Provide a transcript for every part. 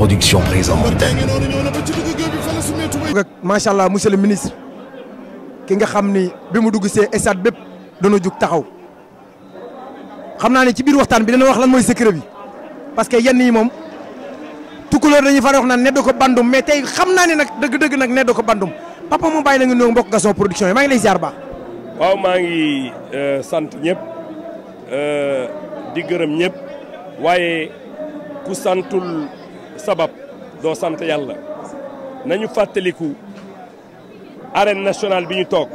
production présente. macha allah monsieur le ministre ki nga xam ni bi mu dugg see stade bépp dana jug taxaw xam naa ne ci biir waxtaan bi dana wax lan mooy secret parce que yenn yi moom tukkuloor dañuy faral wax naan neddo ko bandum mais tey xam naa ne nag dëgg-dëgg nag neddo ko bandum papa mu bàyyi la nga nuyoog mbokk Gaston production yi maa ngi lay ziar baax. waaw maa ngi euh, sant ñëpp euh, di gërëm ñépp waaye ku santul. sabab doo sant yàlla nañu fàttaliku arène nationale bi ñu toog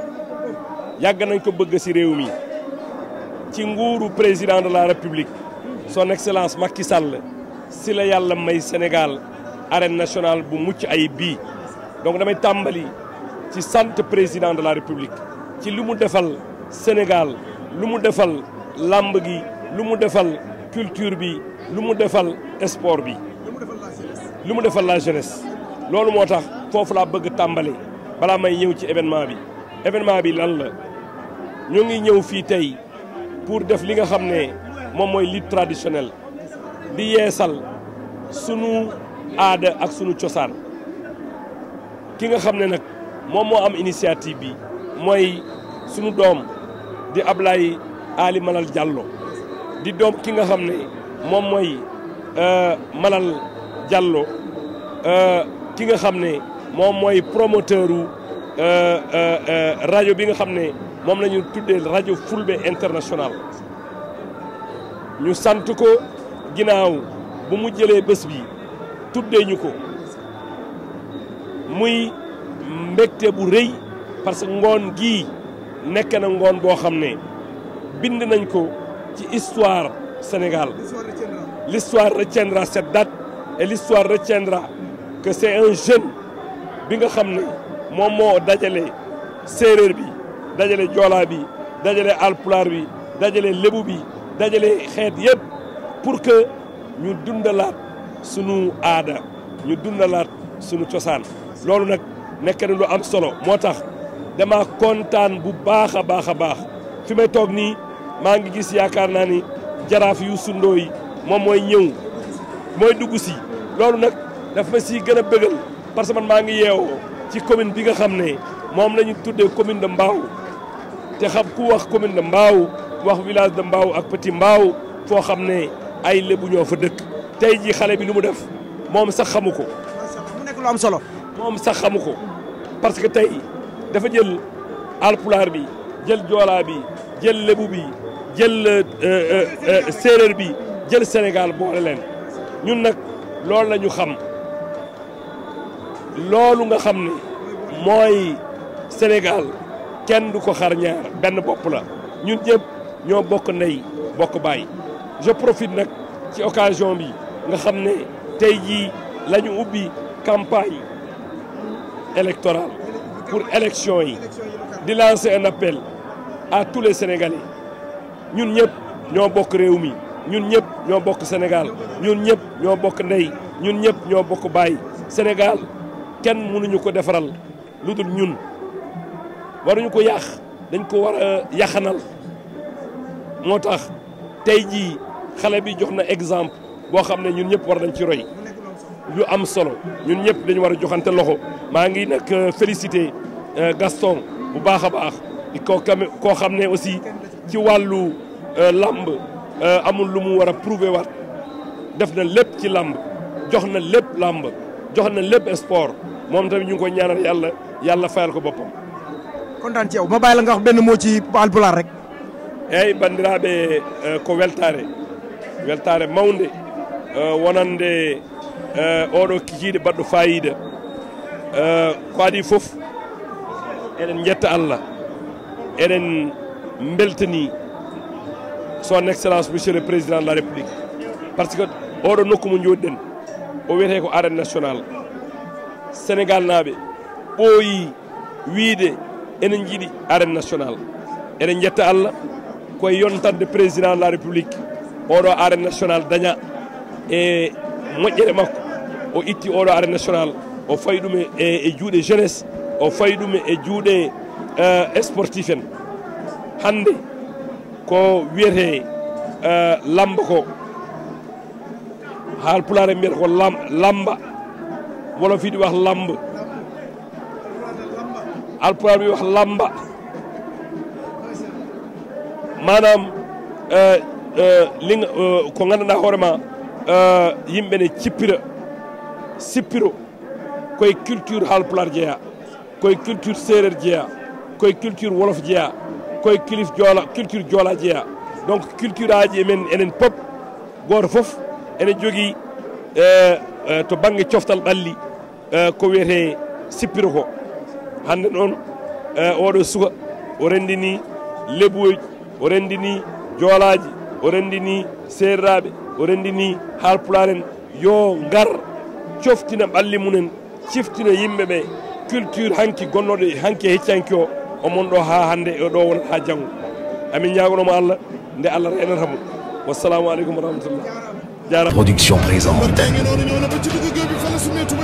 yàgg nañ ko bëgg ci réew mi ci nguuru président de la république son excellence Macky Sall si la yàlla may Sénégal arène nationale bu mucc ay bii donc damay tàmbali ci sant président de la république ci lu mu defal Sénégal lu mu defal làmb gi lu mu defal culture bi lu mu defal sport bi li mu defal la jeunesse loolu moo tax foofu laa bëgg tàmbali balaa may ñëw ci événement bi événement bi lan la ñoo ngi ñëw fii tey pour def li nga xam ne moom mooy lutte traditionnelle di yeesal sunu aada ak sunu cosaan ki nga xam ne nag moom moo am initiative bi mooy sunu doom di Ablaye Ali Malal Diallo di doom ki nga xam ne moom mooy euh, Malal. Diallo euh, ki nga xam ne moom mooy promoteur u euh, euh, rajo bi nga xam ne moom la ñu tuddee rajo Fulbe International ñu sant ko ginnaaw bu mu jëlee bës bi tuddee ñu ko muy mbégte bu rëy parce que ngoon gii nekk na ngoon boo xam ne bind nañ ko ci histoire Sénégal l'histoire retiendra cette date et l'histoire retiendra que c'est un jeune bi nga xam ne moom moo dajale séeréer bi dajale joolaa bi dajale alpulaar bi dajale lébu bi dajale xeet yëpp pour que ñu dundalaat sunu aada ñu dundalaat sunu cosaan loolu nag nekk lu am solo moo tax dama kontaan bu baax a baax a baax fi may toog nii maa ngi gis yaakaar naa ni jaraaf yu sundoo yi moom mooy ñëw mooy dugg si loolu nag dafa si gën a bëggal parce que man maa ngi yeewoo ci commune bi nga xam ne moom la ñu tuddee commune de Mbao te xam ku wax commune de Mbao wax village de Mbao ak Petit Mbao foo xam ne ay lébu ñoo fa dëkk tey jii xale bi lu mu def moom sax xamu ko. mu am solo. moom sax xamu ko parce que tey dafa jël alpulaar bi jël joolaa bi jël lébu bi jël euh, euh, euh, séeréer bi jël Sénégal boole leen. ñun nag loolu la ñu xam loolu nga xam ne mooy Sénégal kenn du ko xar benn bopp la ñun ñëpp ñoo bokk ndey bokk baay je profite nag ci occasion bi nga xam ne tey jii lañu ñu ubbi campagne électorale pour élection yi di lancer un appel à tous les Sénégalais ñun ñëpp ñoo bokk réew mi ñun ñëpp ñoo bokk Sénégal ñun ñëpp ñoo bokk ndey ñun ñëpp ñoo bokk baay Sénégal kenn mënuñu ko defaral lu dul ñun waruñu ko yàq dañ ko war a yàqanal moo tax tey jii xale bi jox na exemple boo xam ne ñun ñëpp war nañ ci roy lu am solo ñun ñëpp dañu war a joxante loxo maa ngi nag euh, félicité euh, Gaston bu baax a baax koo xam ne aussi ci wàllu euh, làmb Euh, amul lu mu war a prouver waat na lépp ci làmb jox na lépp làmb jox na lépp sport moom tamit ñu ko ñaanal yàlla yàlla fayal ko boppam. kontaan ci yow ma bàyyi la nga wax benn moo ci alpulaar rek. eeyi banndiraaɓe euh, ko weltaare weltaare mawnde euh, wonande oɗo kikiiɗe baɗɗo fayida ko adi fof eɗen jetta allah eɗen mbeltanii so excellence monsieur le président de la république par ce que nokku mo jooɗiɗen o wiyete ko arène national sénégal naaɓe ɓooyi wiide enen jiiɗi arène national eɗen jetta allah koye yontande président de la république oɗo arène national daña e moƴƴere makko o itti oɗo arène national o fayi ɗum e, e juuɗe jeunesse o fayi ɗum e juuɗe e, e sportif en hannde ko wiyete euh, lamba ko haalpulaare mbiyata ko lamba wolof yi di wax lamb haalpulaar bi wax lamba maanaam euh, euh, li ko nganndanɗaa hoore ma yimɓe ne cippira sippiro koye culture haalpulaar jeyaa koye culture séeréer jeyaa koye culture wolof jeyaa koye kilif joola culture joolaji ha donc culture aji men enen pop goto foof ene jogui eh, eh, to banggue coftal ɓalli eh, ko wiyete sippiro ko hande noon oɗo suka o rendini lebuoji o rendini joolaji o rendini seerraɓe o rendini haalpular en ngar coftina ɓalli mumen ciftina yimɓeɓe culture hanki gonnoɗo hanki e heccanki o omon ɗo ha hannde e ɗo won ha amin ñagonomo allah nde allah renata mo wassalamu aleykum wa